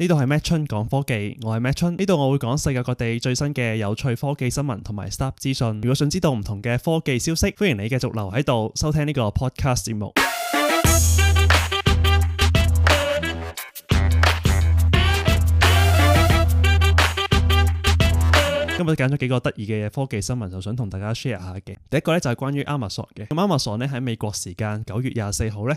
呢度係 Matt Chun 講科技，我係 Matt Chun 呢度我會講世界各地最新嘅有趣科技新聞同埋 stuff 資訊。如果想知道唔同嘅科技消息，歡迎你繼續留喺度收聽呢個 podcast 節目。今日揀咗幾個得意嘅科技新聞，就想同大家 share 下嘅。第一個咧就係關於 Amazon 嘅，咁 Amazon 咧喺美國時間九月廿四號咧。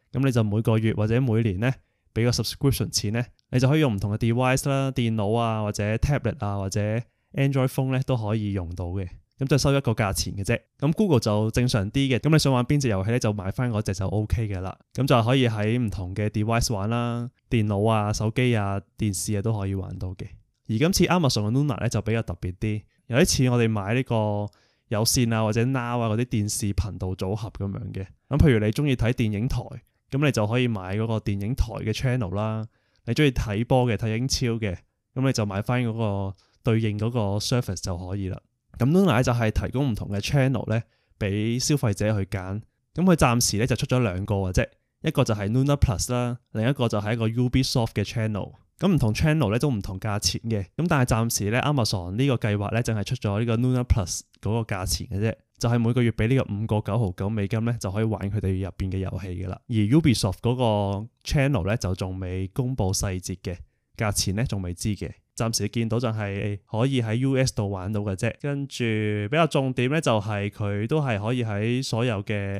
咁你就每個月或者每年呢，俾個 subscription 錢呢，你就可以用唔同嘅 device 啦、電腦啊或者 tablet 啊或者 Android phone 呢都可以用到嘅。咁就收一個價錢嘅啫。咁 Google 就正常啲嘅。咁你想玩邊隻遊戲呢？就買翻嗰隻就 OK 嘅啦。咁就可以喺唔同嘅 device 玩啦，電腦啊、手機啊、電視啊、電視啊都可以玩到嘅。而今次 Amazon 嘅 Luna 呢，就比較特別啲，有啲似我哋買呢個有線啊或者 now 啊嗰啲電視頻道組合咁樣嘅。咁譬如你中意睇電影台。咁你就可以買嗰個電影台嘅 channel 啦，你中意睇波嘅睇英超嘅，咁你就買翻嗰個對應嗰個 service 就可以啦。咁 Luna 就係提供唔同嘅 channel 咧，俾消費者去揀。咁佢暫時咧就出咗兩個嘅啫，一個就係 Luna Plus 啦，另一個就係一個 Ubisoft 嘅 channel。咁唔同 channel 咧都唔同價錢嘅，咁但係暫時咧 Amazon 個計劃呢個計劃咧，淨係出咗呢個 Luna Plus 嗰個價錢嘅啫。就係每個月俾呢個五個九毫九美金咧，就可以玩佢哋入邊嘅遊戲㗎喇。而 Ubisoft 嗰個 channel 咧就仲未公布細節嘅價錢咧，仲未知嘅。暫時見到就係可以喺 US 度玩到嘅啫。跟住比較重點咧，就係佢都係可以喺所有嘅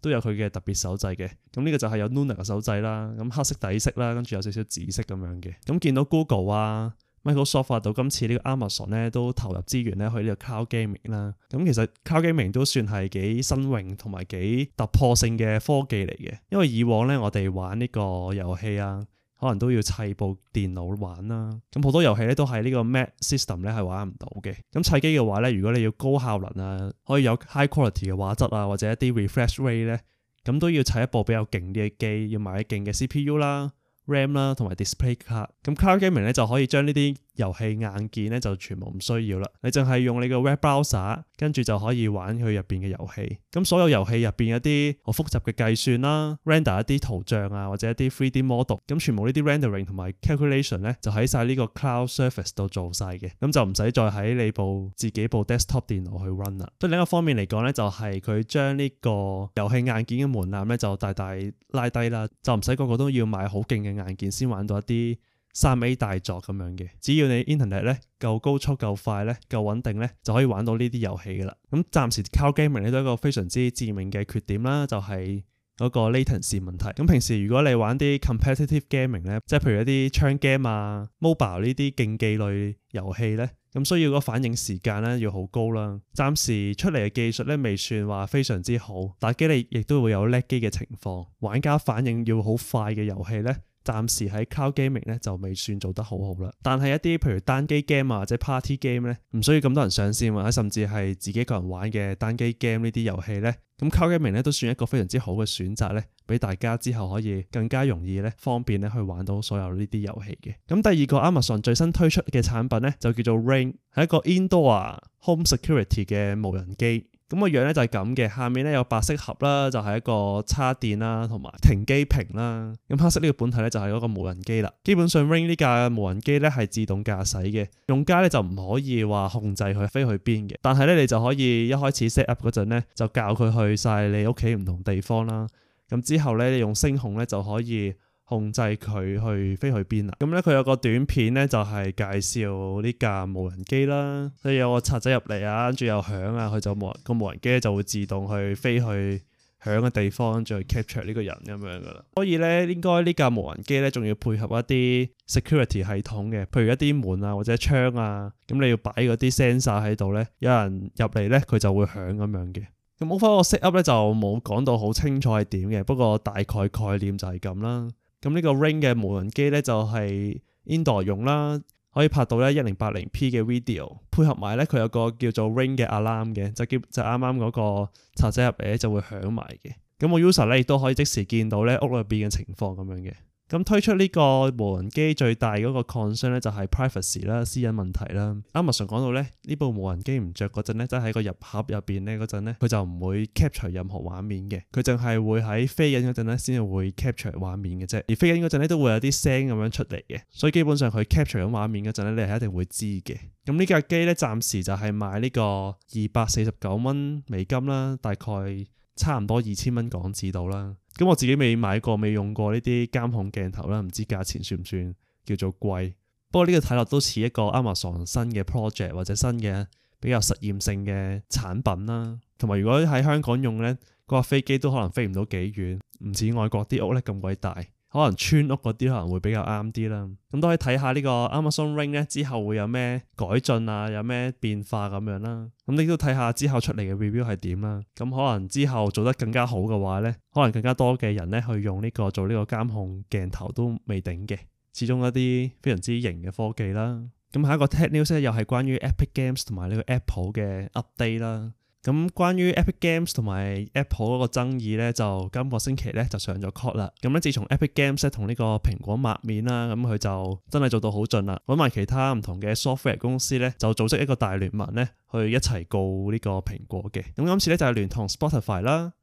都有佢嘅特別手掣嘅，咁、這、呢個就係有 Luna 嘅手掣啦，咁黑色底色啦，跟住有少少紫色咁樣嘅，咁見到 Google 啊、Microsoft 發、啊、到今次個呢個 Amazon 咧都投入資源咧去呢個 Cloud Gaming 啦，咁其實 Cloud Gaming 都算係幾新穎同埋幾突破性嘅科技嚟嘅，因為以往咧我哋玩呢個遊戲啊。可能都要砌部電腦玩啦，咁好多遊戲咧都係呢個 Mac System 咧係玩唔到嘅。咁砌機嘅話咧，如果你要高效能啊，可以有 high quality 嘅畫質啊，或者一啲 refresh rate 咧，咁都要砌一部比較勁啲嘅機，要買勁嘅 CPU 啦、RAM 啦同埋 display 卡。咁 Car Gaming 咧就可以將呢啲。遊戲硬件咧就全部唔需要啦，你淨係用你個 web browser 跟住就可以玩佢入邊嘅遊戲。咁所有遊戲入邊一啲好複雜嘅計算啦 ，render 一啲圖像啊或者一啲 3D model，咁全部呢啲 rendering 同埋 calculation 咧就喺晒呢個 cloud surface 度做晒嘅，咁就唔使再喺你部自己部 desktop 電腦去 run 啦。即係另一個方面嚟講咧，就係佢將呢個遊戲硬件嘅門檻咧就大大拉低啦，就唔使個個都要買好勁嘅硬件先玩到一啲三 A 大作咁樣嘅，只要你 Internet 咧夠高速、夠快咧、夠穩定咧，就可以玩到呢啲遊戲噶啦。咁、嗯、暫時 Cloud Gaming 咧都係一個非常之致命嘅缺點啦，就係、是、嗰個 latency 問題。咁、嗯、平時如果你玩啲 competitive gaming 咧，即係譬如一啲槍 game 啊、MOBA 呢啲競技類遊戲咧，咁需要個反應時間咧要好高啦。暫時出嚟嘅技術咧未算話非常之好，打機你亦都會有叻機嘅情況。玩家反應要好快嘅遊戲咧。暫時喺 Cloud Gaming 咧就未算做得好好啦，但係一啲譬如單機 game 啊或者 party game 咧，唔需要咁多人上線，或者甚至係自己個人玩嘅單機 game 呢啲遊戲咧，咁 Cloud Gaming 咧都算一個非常之好嘅選擇咧，俾大家之後可以更加容易咧方便咧去玩到所有呢啲遊戲嘅。咁第二個 Amazon 最新推出嘅產品咧就叫做 Ring，係一個 Indoor Home Security 嘅無人機。咁個樣咧就係咁嘅，下面咧有白色盒啦，就係一個叉電啦，同埋停機坪啦。咁黑色呢個本體咧就係嗰個無人機啦。基本上 Ring 呢架無人機咧係自動駕駛嘅，用家咧就唔可以話控制佢飛去邊嘅。但係咧你就可以一開始 set up 嗰陣咧就教佢去晒你屋企唔同地方啦。咁之後咧你用聲控咧就可以。控制佢去飛去邊啦。咁咧，佢有個短片咧，就係介紹呢架無人機啦。所以有個賊仔入嚟啊，跟住又響啊，佢就冇人，個無人機咧就會自動去飛去響嘅地方，再 capture 呢個人咁樣噶啦。所以咧，應該呢架無人機咧，仲要配合一啲 security 系統嘅，譬如一啲門啊或者窗啊，咁你要擺嗰啲 sensor 喺度咧，有人入嚟咧佢就會響咁樣嘅。咁好翻個 set up 咧，就冇講到好清楚係點嘅，不過大概概念就係咁啦。咁呢個 Ring 嘅無人機咧就係、是、Indoor 用啦，可以拍到咧一零八零 P 嘅 video，配合埋咧佢有個叫做 Ring 嘅 alarm 嘅，就叫就啱啱嗰個賊仔入嚟就會響埋嘅。咁我 user 咧亦都可以即時見到咧屋裏邊嘅情況咁樣嘅。咁推出呢個無人機最大嗰個 concern 咧，就係 privacy 啦，私隱問題啦。Amazon 講到咧，呢部無人機唔着嗰陣咧，即喺個入盒入邊咧嗰陣咧，佢就唔會 capture 任何畫面嘅，佢淨係會喺飛緊嗰陣咧先會 capture 畫面嘅啫。而飛緊嗰陣咧都會有啲聲咁樣出嚟嘅，所以基本上佢 capture 緊畫面嗰陣咧，你係一定會知嘅。咁呢架機咧暫時就係賣呢個二百四十九蚊美金啦，大概差唔多二千蚊港紙度啦。咁、嗯、我自己未買過，未用過呢啲監控鏡頭啦，唔知價錢算唔算叫做貴？不過呢個睇落都似一個 Amazon 新嘅 project 或者新嘅比較實驗性嘅產品啦。同埋如果喺香港用咧，嗰、那個飛機都可能飛唔到幾遠，唔似外國啲屋咧咁偉大。可能村屋嗰啲可能會比較啱啲啦。咁都可以睇下呢個 Amazon Ring 咧，之後會有咩改進啊，有咩變化咁樣啦。咁你都睇下之後出嚟嘅 review 係點啦。咁可能之後做得更加好嘅話咧，可能更加多嘅人咧去用呢個做呢個監控鏡頭都未定嘅。始終一啲非常之型嘅科技啦。咁下一個 Tech News 又係關於 Epic Games 同埋呢個 Apple 嘅 update 啦。咁關於 Epic Games 同埋 Apple 嗰個爭議咧，就今個星期咧就上咗 court 啦。咁咧，自從 Epic Games 咧同呢個蘋果抹面啦，咁佢就真係做到好盡啦，揾埋其他唔同嘅 software 公司咧，就組織一個大聯盟咧，去一齊告呢個蘋果嘅。咁今次咧就係、是、聯同 Spotify 啦。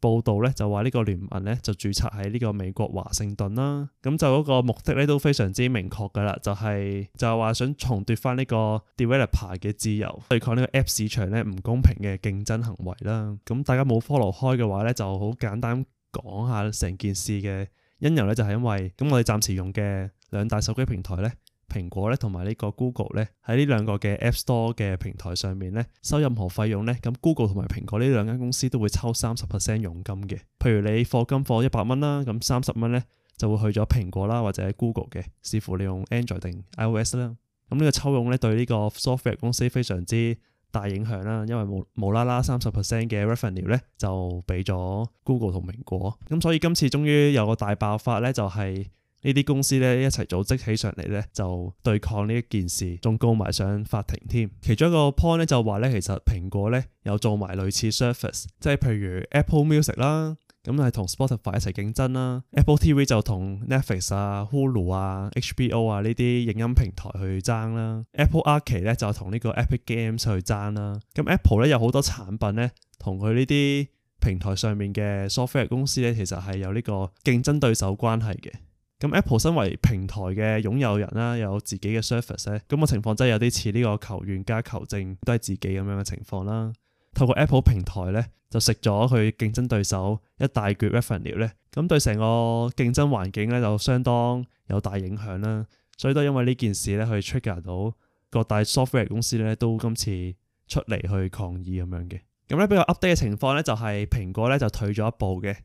報道咧就話呢個聯盟咧就註冊喺呢個美國華盛頓啦，咁就嗰個目的咧都非常之明確噶啦，就係就係話想重奪翻呢個 developer 嘅自由，對抗呢個 App 市場咧唔公平嘅競爭行為啦。咁大家冇 follow 開嘅話咧，就好簡單講下成件事嘅因由咧，就係因為咁我哋暫時用嘅兩大手機平台咧。蘋果咧同埋呢個 Google 咧喺呢兩個嘅 App Store 嘅平台上面咧收任何費用咧，咁 Google 同埋蘋果呢兩間公司都會抽三十 percent 佣金嘅。譬如你課金課一百蚊啦，咁三十蚊咧就會去咗蘋果啦或者 Google 嘅，視乎你用 Android 定 iOS 啦。咁呢個抽傭咧對呢個 software 公司非常之大影響啦，因為冇冇啦啦三十 percent 嘅 revenue 咧就俾咗 Google 同蘋果。咁所以今次終於有個大爆發咧，就係、是。呢啲公司咧一齊組織起上嚟咧，就對抗呢一件事，仲告埋上法庭添。其中一個 point 咧就話咧，其實蘋果咧有做埋類似 Surface，即係譬如 Apple Music 啦，咁係同 Spotify 一齊競爭啦。Apple TV 就同 Netflix 啊、Hulu 啊、HBO 啊呢啲影音平台去爭啦。Apple Arcade 咧就同呢個 Epic Games 去爭啦。咁 Apple 咧有好多產品咧，同佢呢啲平台上面嘅 software 公司咧，其實係有呢個競爭對手關係嘅。咁 Apple 身為平台嘅擁有人啦，有自己嘅 service 咧，咁個情況真係有啲似呢個球員加球證都係自己咁樣嘅情況啦。透過 Apple 平台咧，就食咗佢競爭對手一大橛 revenue 咧，咁對成個競爭環境咧就相當有大影響啦。所以都因為呢件事咧，去 trigger 到各大 software 公司咧都今次出嚟去抗議咁樣嘅。咁咧比較 update 嘅情況咧，就係、是、蘋果咧就退咗一步嘅。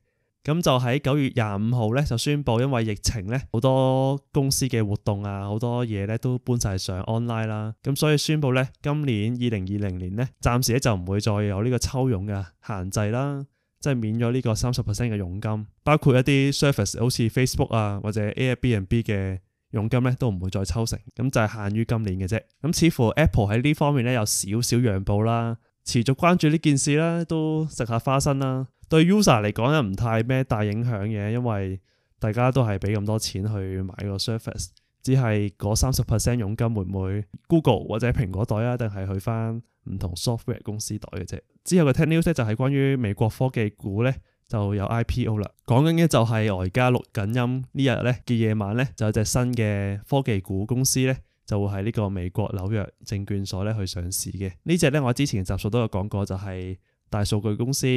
咁就喺九月廿五號咧，就宣布因為疫情咧，好多公司嘅活動啊，好多嘢咧都搬晒上 online 啦。咁所以宣布咧，今年二零二零年咧，暫時咧就唔會再有呢個抽傭嘅限制啦，即係免咗呢個三十 percent 嘅佣金，包括一啲 service 好似 Facebook 啊或者 Airbnb 嘅佣金咧都唔會再抽成，咁就係限於今年嘅啫。咁似乎 Apple 喺呢方面咧有少少讓步啦。持續關注呢件事啦，都食下花生啦。對 user 嚟講又唔太咩大影響嘅，因為大家都係俾咁多錢去買個 service，只係嗰三十 percent 佣金會唔會 Google 或者蘋果袋啊，定係去翻唔同 software 公司袋嘅啫。之後嘅 tech news 就係、是、關於美國科技股呢，就有 IPO 啦。講緊嘅就係我而家錄緊音呢日呢嘅夜晚呢，就有隻新嘅科技股公司呢，就會喺呢個美國紐約證券所呢去上市嘅呢隻呢，我之前集數都有講過，就係、是、大數據公司。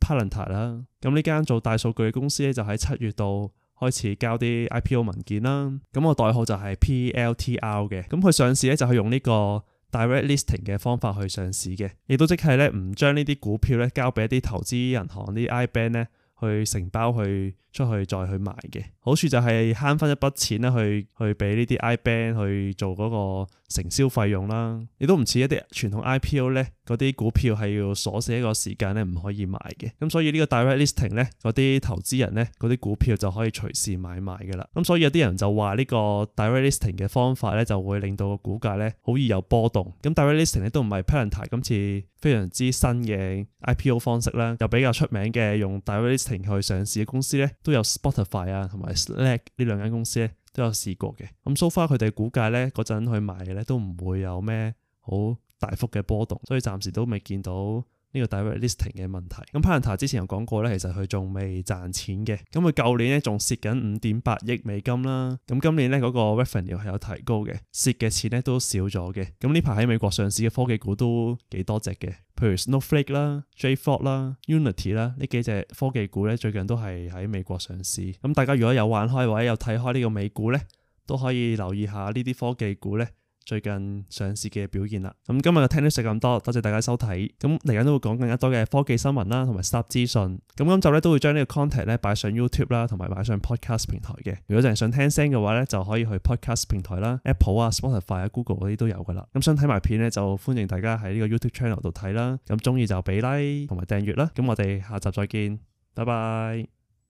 Palantir 啦，咁呢間做大數據嘅公司咧，就喺七月度開始交啲 IPO 文件啦。咁個代號就係 PLTR 嘅，咁佢上市咧就係用呢個 Direct Listing 嘅方法去上市嘅，亦都即係咧唔將呢啲股票咧交俾一啲投資銀行啲 I band 咧去承包去。出去再去買嘅好處就係慳翻一筆錢啦，去去俾呢啲 I band 去做嗰個承銷費用啦。亦都唔似一啲傳統 IPO 咧，嗰啲股票係要鎖死一個時間咧，唔可以買嘅。咁所以呢個 Direct Listing 咧，嗰啲投資人咧，嗰啲股票就可以隨時買賣嘅啦。咁所以有啲人就話呢個 Direct Listing 嘅方法咧就會令到個股價咧好易有波動。咁 Direct Listing 咧都唔係 Palantir 今次非常之新嘅 IPO 方式啦，又比較出名嘅用 Direct Listing 去上市嘅公司咧。都有 Spotify 啊，同埋 Slack 呢兩間公司咧，都有試過嘅。咁、嗯、so far 佢哋估計咧，嗰陣去買嘅咧都唔會有咩好大幅嘅波動，所以暫時都未見到呢個 direct listing 嘅問題。咁 Palantir 之前有講過咧，其實佢仲未賺錢嘅。咁佢舊年咧仲蝕緊五點八億美金啦，咁今年咧嗰、嗰個 revenue 係有提高嘅，蝕嘅錢咧都少咗嘅。咁呢排喺美國上市嘅科技股都幾多隻嘅。譬如 Snowflake 啦、JFrog 啦、Unity 啦，呢幾隻科技股咧，最近都係喺美國上市。咁大家如果有玩開或者有睇開呢個美股咧，都可以留意下呢啲科技股咧。最近上市嘅表現啦，咁今日聽都食咁多，多謝大家收睇。咁嚟緊都會講更加多嘅科技新聞啦，同埋 s t 濕資訊。咁今集咧都會將呢個 content 咧擺上 YouTube 啦，同埋擺上 podcast 平台嘅。如果淨係想聽聲嘅話咧，就可以去 podcast 平台啦，Apple 啊、Spotify 啊、Google 嗰、啊、啲都有噶啦。咁想睇埋片咧，就歡迎大家喺呢個 YouTube channel 度睇啦。咁中意就俾 like 同埋訂閱啦。咁我哋下集再見，拜拜。